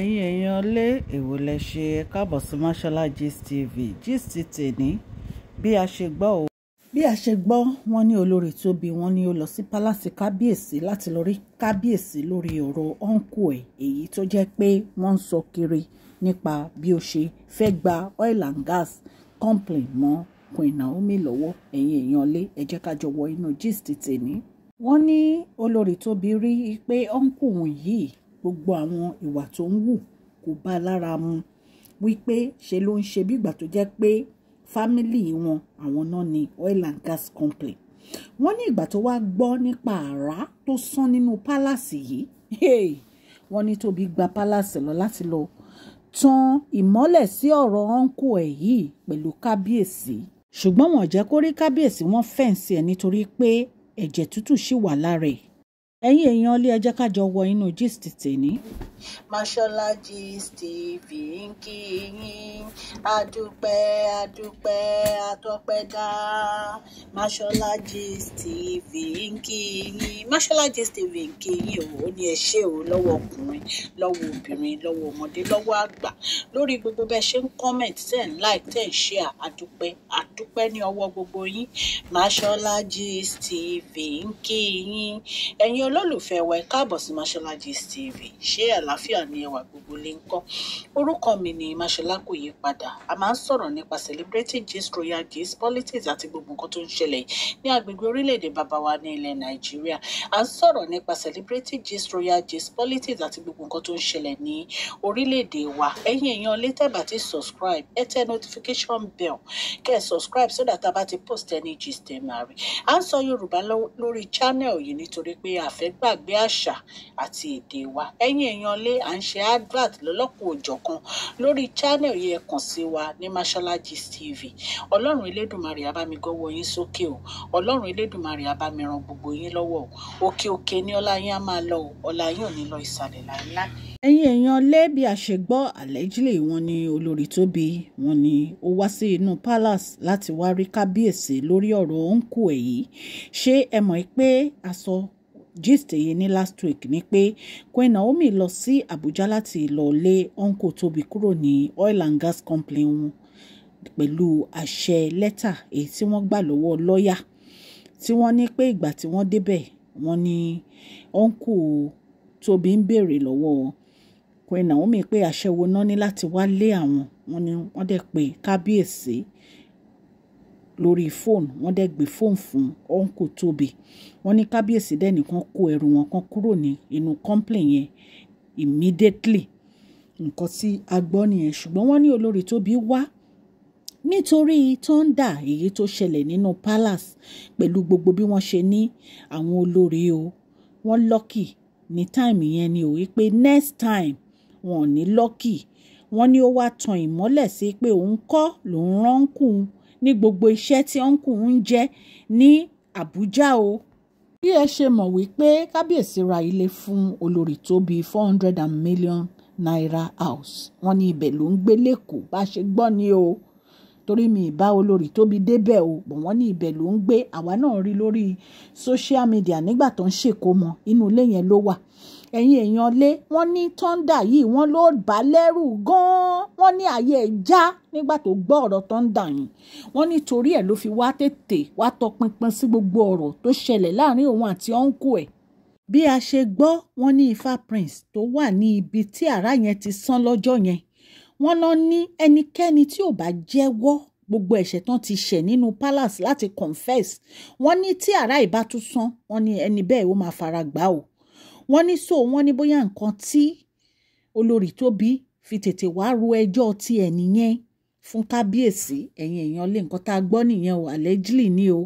ẹ̀yin èèyàn lé èwo lẹ ṣe ẹ káàbọ̀ sí Mashola Gist TV gist tèní bí a ṣe gbọ́ o. bí a ṣe gbọ́ wọ́n ní olórí Tóbi wọ́n ní ó lọ sí pálásì kábíyèsí láti lọ rí kábíyèsí lórí ọ̀rọ̀ ọ̀ǹkù ẹ̀ èyí tó jẹ́ pé wọ́n ń sọ kiri nípa bí ó ṣe fẹ́ gba oil and gas company mọ́ Queen Naomi lọ́wọ́ ẹ̀yin èèyàn lé ẹ jẹ́ ká jọ wọ inú gist tèní. wọ́n ní olórí Tóbi rí pé ọ̀ǹkù gbogbo àwọn ìwà tó ń wù kò bá lára mu wípé ṣe ló ń ṣe bí ìgbà tó jẹ́ pé fámìlì wọn àwọn náà ni oil and gas company wọ́n ní ìgbà tó wá gbọ́ nípa àrá tó sán nínú pálàsì yìí wọ́n ní Tóbi gba pálàsì lọ láti lọ tan ìmọ́lẹ̀ sí ọ̀rọ̀ ọ̀nkù ẹ̀ yìí pẹ̀lú kábíyèsí ṣùgbọ́n wọn jẹ́ kó rí kábíyèsí wọn fẹ̀ǹsì ẹ̀ nítorí pé ẹ̀jẹ̀ tútù ṣì wà lára ẹ̀ ẹ̀yin èèyàn ilé ẹ jẹ́ ká jọ wọ inú gist tèmi. Mashola Gist TV ń kí yín adúpẹ́ adúpẹ́ atọ́pẹ́dá Mashola Gist TV ń kí yín Mashola Gist TV ń kí yín ó ní ẹ o lọ́wọ́ ọkùnrin lọ́wọ́ obìnrin lọ́wọ́ ọmọdé lọ́wọ́ àgbà lórí gbogbo bẹ́ẹ̀ ṣe ń comment tẹ̀ ń like tẹ̀ ń share adúpẹ́ adúpẹ́ ní ọwọ́ gbogbo yín Mashola Gist TV ń kí yín ẹ̀yin ọlọ́ olólùfẹ́ wa ẹ káàbọ̀ sí Mashola Gist TV ṣé àlàáfíà ni ẹwà gbogbo lè ń kọ́ orúkọ mi ni Mashola kò yí padà a máa ń sọ̀rọ̀ nípa celebrity gist royal gist politics àti gbogbo nǹkan tó ń ṣẹlẹ̀ ní agbègbè orílẹ̀-èdè bàbá ní ilẹ̀ Nàìjíríà a ń sọ̀rọ̀ nípa celebrity gist royal gist politics àti gbogbo nǹkan tó ń ṣẹlẹ̀ ní orílẹ̀-èdè wa ẹ̀yin èèyàn lè tẹ́ bá ti subscribe ẹ tẹ notification bell kẹ́ ẹ subscribe so that a bá ti post any gist ẹ̀ máa rí à ń sọ Yorùbá lórí channel yìí nítorí pé àf fẹ́ gbàgbé àṣà àti èdè wa ẹ̀yin èèyàn lé à ń ṣe advert lọ́lọ́kùn òjọ̀kan lórí channel yẹn kàn sí wa ní masholagist tv ọlọ́run elédùnmarè á bá mi gọ́wọ́ yín sókè o ọlọ́run elédùnmarè á bá mi ran gbogbo yín lọ́wọ́ o òkè òkè ni ọlá yín á máa lọ o ọlá yín ò ní lọ ìsàlẹ̀ láíláí. ẹ̀yin èèyàn lé bí a ṣe gbọ́ allegedly wọ́n ní olórí Tóbi wọ́n ní ó wá sí inú palace láti wá rí kábíyèsí lórí ọ̀rọ̀ òǹkù ẹ̀ yìí ṣé ẹ mọ̀ pé aṣọ gist èyí ní last week ni pé Queen Naomi lọ sí Àbújá láti lọ uncle Tóbi kúrò ní oil and gas company wọn pẹ̀lú àṣẹ lẹ́tà èyí tí wọ́n gbà lọ́wọ́ lọ́ọ̀yà tí wọ́n ní pé ìgbà tí wọ́n débẹ̀ wọ́n ní uncle Tóbi ń béèrè lọ́wọ́ wọn Queen Naomi pé àṣẹ wo náà ní láti wá lé àwọn wọn ni wọ́n dẹ̀ pé kábíyèsí lórí fóònù wọ́n dẹ̀ gbé fóònù fún ọ̀nkò tóbi wọ́n ní kábíyèsí dẹ̀ nìkan kó ẹrù wọn kan kúrò ní inú complain yẹn immediately nǹkan tí a gbọ́ nìyẹn ṣùgbọ́n wọ́n ní olórí tóbi wá nítorí tọ́ndà èyí tó ṣẹlẹ̀ nínú palace pẹ̀lú gbogbo bí wọ́n ṣe ní àwọn olórí o wọ́n lucky. ní táìmì yẹn ni ò wípé next time wọn ò ní lọ́kì wọ́n ní ó wá tan ìmọ́lẹ̀ sí pé òun kọ́ lòun ránkùn ní gbogbo iṣẹ́ tí ọ̀nkù ń jẹ́ ní Àbújá o. bí ẹ ṣe mọ̀ wípé kábíyèsí ra ilé fún olórí tó bíi four hundred and million naira house wọn ní ibẹ̀ ló ń gbé lẹ́kọ̀ọ́ bá ṣe gbọ́ ni o torí mi ìbá olórí tóbi débẹ̀ o bọ̀ wọ́n ní ibẹ̀ ló ń gbé àwa náà rí lórí social media nígbà tó ń ṣèkómọ inú ilé yẹn ló wà ẹ̀yin èèyàn lé wọ́n ní thunder yìí wọ́n ló bá lẹ́rù gan-an wọ́n ní ààyè ẹ̀já nígbà tó gbọ́ ọ̀rọ̀ thunder yìí wọ́n ní torí ẹ̀ ló fi wá tètè wá tọpinpin sí gbogbo ọ̀rọ̀ tó ṣẹlẹ̀ láàrin òun àti ọ̀nkù ẹ̀ bí a ṣe gbọ́ wọ́n ní ifá prince tó wà ní ibi tí àrá yẹn ti sán lọ́jọ́ yẹn wọ́n lọ ní ẹnikẹ́ni tí ò bá jẹ́wọ́ gbogbo ẹ̀ṣẹ̀ tán ti ṣẹ̀ nínú palace láti confess wọ́n ní tí àrá ìbá tún sán wọ́n ní ẹni bẹ́ẹ̀ ó máa fara gbá o wọ́n ní so wọ́n ní bóyá nǹkan tí olórí Tóbi fi tètè wá ro ẹjọ́ tiẹ̀ nìyẹn fún kábíyèsí ẹ̀yin èèyàn lé nǹkan tá a gbọ́ nìyẹn o allegedly ni o.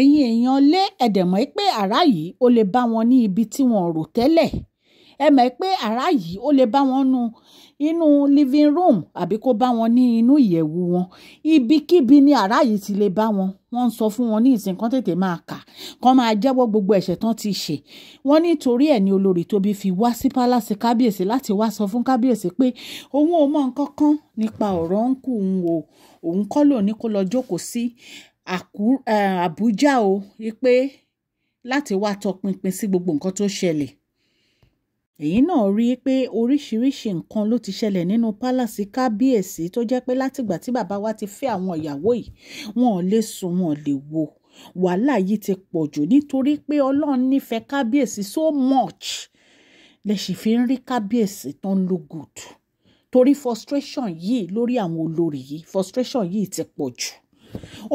ẹ̀yin èèyàn lé ẹ̀dẹ̀mọ́ pé àrá yìí ó lè bá wọn ní ibi tí wọn rò tẹ́lẹ̀ ẹ mọ̀ pé àrá yìí ó lè bá wọn nu inú living room àbí kó bá wọn ní inú ìyẹ̀wù wọn ibikíbi ni àrá yìí ti lè bá wọn wọ́n ń sọ fún wọn ní ìsìn kan tètè máa kà kán máa jẹ́wọ́ gbogbo ẹ̀ṣẹ̀ tán ti ṣe wọ́n nítorí ẹ̀ ní olórí tóbi fi wá sí pálásì kábíyèsí láti wá sọ fún kábíyèsí pé òun ò mọ nǹkan kan nípa ọ̀rọ̀ ńkù òun o òun kọ́ ló ní kó lọ jókòó sí Àbújá o pé láti wá tọpinpin sí gbogbo nǹkan tó ṣẹlẹ̀ èyí náà rí i pé oríṣiríṣi nǹkan ló ti ṣẹlẹ̀ nínú pálàsì kábíyèsí tó jẹ́ pé látìgbà tí bàbá wa ti fẹ́ àwọn ìyàwó yìí wọn ò lè sùn wọn ò lè wo wàhálà yìí ti pọ̀ jù nítorí pé ọlọ́run nífẹ̀ẹ́ kábíyèsí so much lẹ sì fi ń rí kábíyèsí tó ń lo good torí frustration yìí lórí àwọn olórí yìí frustration yìí ti pọ̀ jù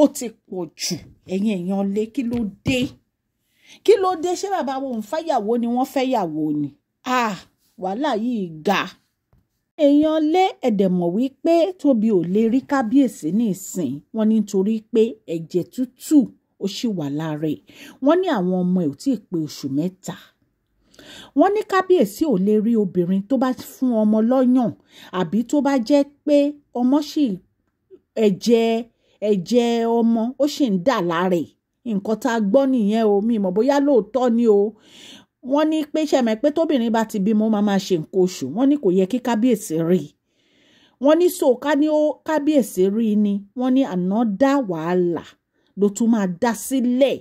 ó ti pọ̀ jù ẹ̀yin èèyàn lé kí ló dé kí ló dé ṣé bàbá wo ń fẹ́yàwó ni wọ́n fẹ́yàwó ni ah wàhálà yìí ga èèyàn lé ẹ̀dẹ̀mọ̀ wípé tóbi ò lè rí kábíyèsí ní wọn nítorí pé ẹ̀jẹ̀ tútù ó sì wà lára ẹ̀ wọ́n ní àwọn ọmọ ẹ̀ ò tí ì pé oṣù mẹ́ta wọ́n ní kábíyèsí ò lè rí obìnrin tó bá fún ọmọ lọ́yàn àbí tó bá jẹ́ pé ọmọ sì ẹ̀jẹ̀ ẹ̀jẹ̀ ọmọ ó sì ń dà lára ẹ̀ nǹkan tá a gbọ́ nìyẹn o mi mọ̀ bóyá lóòótọ́ ni o wọ́n ní pé ṣẹ̀mẹ̀ pé tóbìnrin bá ti bímọ máa máa ṣe nǹkan oṣù wọ́n ní kò yẹ kí kábíyèsí rí i wọ́n ní so ká ní ó kábíyèsí rí i ni wọ́n ní ànádá wàhálà ló tún máa dá sílẹ̀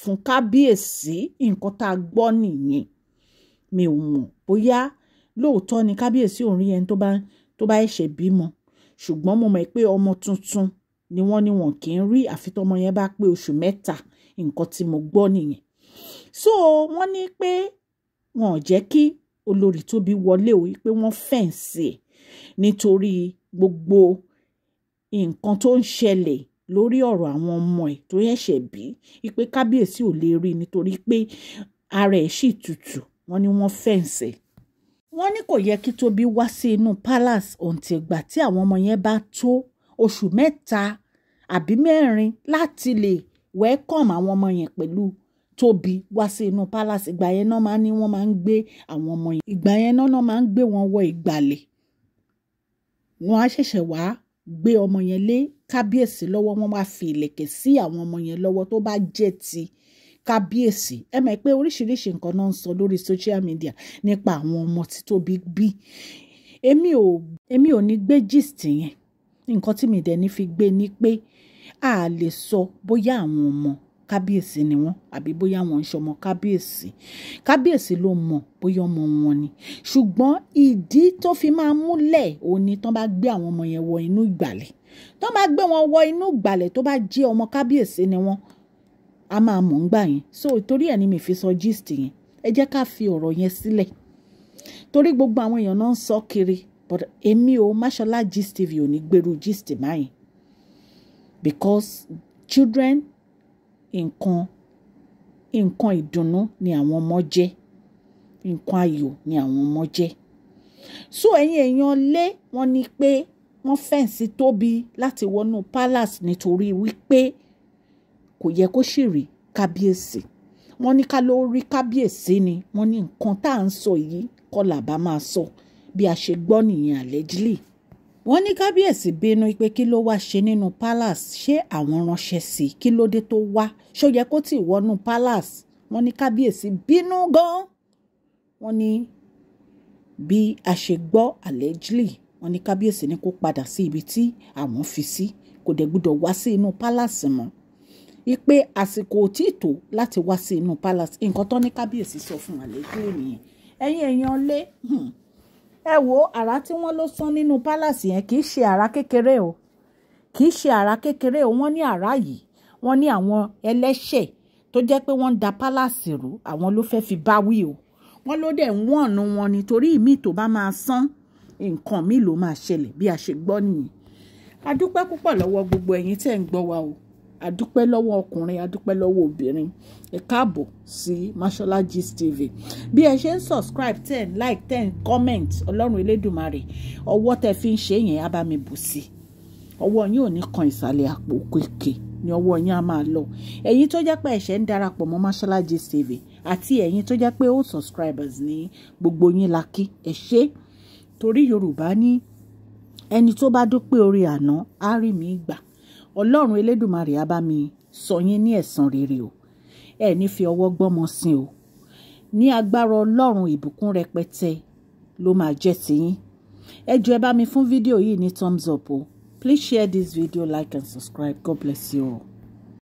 fún kábíyèsí nǹkan tá a gbọ́ nìyẹn mi ò mọ̀ bóyá lóòótọ́ ni kábíyèsí òun rí ẹni tó bá tó bá ẹ̀ṣẹ̀ bímọ ṣùgbọ́n mo mọ̀ pé ọmọ tuntun ni wọ́n ní wọn kì í rí àfi tọmọ yẹn bá pé oṣù mẹ́ta nǹkan tí mo gbọ́ nìyẹn so wọ́n ní pé wọn ò jẹ́ kí olórí tóbi wọlé o pé wọ́n fẹ̀ǹsì nítorí gbogbo nǹkan tó ń ṣẹlẹ̀ lórí ọ̀rọ̀ àwọn ọmọ ẹ̀ tó ṣẹ̀ṣẹ̀ bí wípé kábíyèsí ò lè rí nítorí pé ara ẹ̀ sì tutù wọ́n ní wọ́n fẹ̀ǹsẹ̀ wọ́n ní kò yẹ kí Tóbi wá sí inú palace ọ̀ǹtẹ̀ ìgbà tí àwọn ọmọ yẹn bá tó oṣù mẹ́ta àbí mẹ́rin láti lè welcome àwọn ọmọ yẹn pẹ̀lú tobi wá sí inú palace ìgbà yẹn náà máa ní wọ́n máa ń gbé àwọn ọmọ yẹn ìgbà yẹn náà máa ń gbé wọn wọ ìgbàlẹ̀ wọn á ṣẹ̀ṣẹ̀ wá gbé ọmọ yẹn lé kábíyèsí lọ́wọ́ wọ́n máa fi ìlẹ̀kẹ̀ sí àwọn ọmọ yẹn lọ́wọ́ tó bá jẹ́ ti kábíyèsí ẹ mọ̀ pé oríṣiríṣi nǹkan náà ń sọ lórí social media nípa àwọn ọmọ tí Tóbi bí èmi ò èmi ò ní gbé gist yẹn nǹkan tí mi dẹ̀ ní fi gbé ni pé a lè sọ bóyá àwọn ọmọ kábíyèsí ni wọ́n àbí bóyá wọ́n ń ṣọmọ kábíyèsí kábíyèsí ló mọ̀ bóyá ọmọ wọn ni ṣùgbọ́n ìdí tó fi máa múlẹ̀ òní tán bá gbé àwọn ọmọ yẹn wọ inú ìgbàlẹ̀ tán bá gbé wọn wọ inú ìgbàlẹ̀ tó bá jẹ́ ọmọ kábíyèsí ni wọ́n a máa mọ̀ ń gbà yẹn so torí ẹ̀ ni mi fi sọ gist yẹn ẹ jẹ́ ká fi ọ̀rọ̀ yẹn sílẹ̀ torí gbogbo àwọn èèyàn náà ń sọ kiri but èmi o Mashola Gist TV ò ní gbèrú gist báyìí because children nǹkan nǹkan ìdùnnú ni àwọn ọmọ jẹ́ nǹkan ayọ̀ ni àwọn ọmọ jẹ́ so ẹ̀yin èèyàn lé wọn ni pé wọ́n fẹ́ǹsì tóbi láti wọnú palace nítorí wípé kò yẹ kó sì rí kábíyèsí wọ́n ní ká ló rí kábíyèsí ni wọ́n ní nǹkan tá à ń sọ yìí kọ́ làbá máa sọ bí a ṣe gbọ́ nìyẹn allegedly wọ́n ní kábíyèsí bínú pé kí ló wá ṣe nínú palace ṣé àwọn ránṣẹ́ sí i kí ló dé tó wá ṣó yẹ kó tì wọnú palace wọ́n ní kábíyèsí bínú gan-an wọ́n ní bí a ṣe gbọ́ allegedly wọ́n ní kábíyèsí ní kó padà sí ibi tí àwọn fi sí kò dẹ̀ gbúdọ̀ wá sí inú palace mọ́ ipe àsìkò tí tó láti wá sí inú palace nǹkan tó ní kábíyèsí sọ fún allegedly nìyẹn ẹ̀yin èèyàn lé. Hmm ẹ wo àrá tí wọ́n ló sán nínú pálàsì yẹn kì í ṣe àrá kékeré o kì í ṣe àrá kékeré o wọ́n ní àrá yìí wọ́n ní àwọn ẹlẹ́ṣẹ̀ tó jẹ́ pé wọ́n ń da pálàsì rú àwọn ló fẹ́ fi báwí o wọ́n ló dẹ̀ ń wọ̀nù wọn nítorí ìmí tó bá máa sán nǹkan míì ló máa ṣẹlẹ̀ bí a ṣe gbọ́ nìyí a dúpẹ́ púpọ̀ lọ́wọ́ gbogbo ẹ̀yin tẹ́ ń gbọ́ wa o adúpẹ́ lọ́wọ́ ọkùnrin adúpẹ́ lọ́wọ́ obìnrin ẹ káàbọ̀ sí mashola gist tv bí ẹ ṣe ń subscribe ten like ten comment ọlọ́run elédùnmarè ọwọ́ tẹ fi ń ṣe yẹn á bá mi bù sí ọwọ́ yín ò ní kan ìsàlẹ̀ àpò kéèké ni ọwọ́ yín á máa lọ ẹ̀yin tó jẹ́ pé ẹ̀ṣẹ̀ ń darapọ̀ mọ́ mashola gist àti ẹ̀yin tó jẹ́ pé old subscribers ní gbogbo yín la kí ẹ ṣé torí yorùbá ní ẹni tó bá dúpẹ́ orí àná á rí mi gbà ọlọ́run elédùmarè á bá mi sọ yín ní ẹ̀san rere o ẹ ní fi ọwọ́ gbọ́mọ sin o ní agbára ọlọ́run ìbùkún rẹpẹtẹ ló máa jẹ́ tiyín ẹ jọ̀ọ́ ẹ bá mi fún fídíò yìí ní thumbs up o please share this video like and subscribe god bless you all.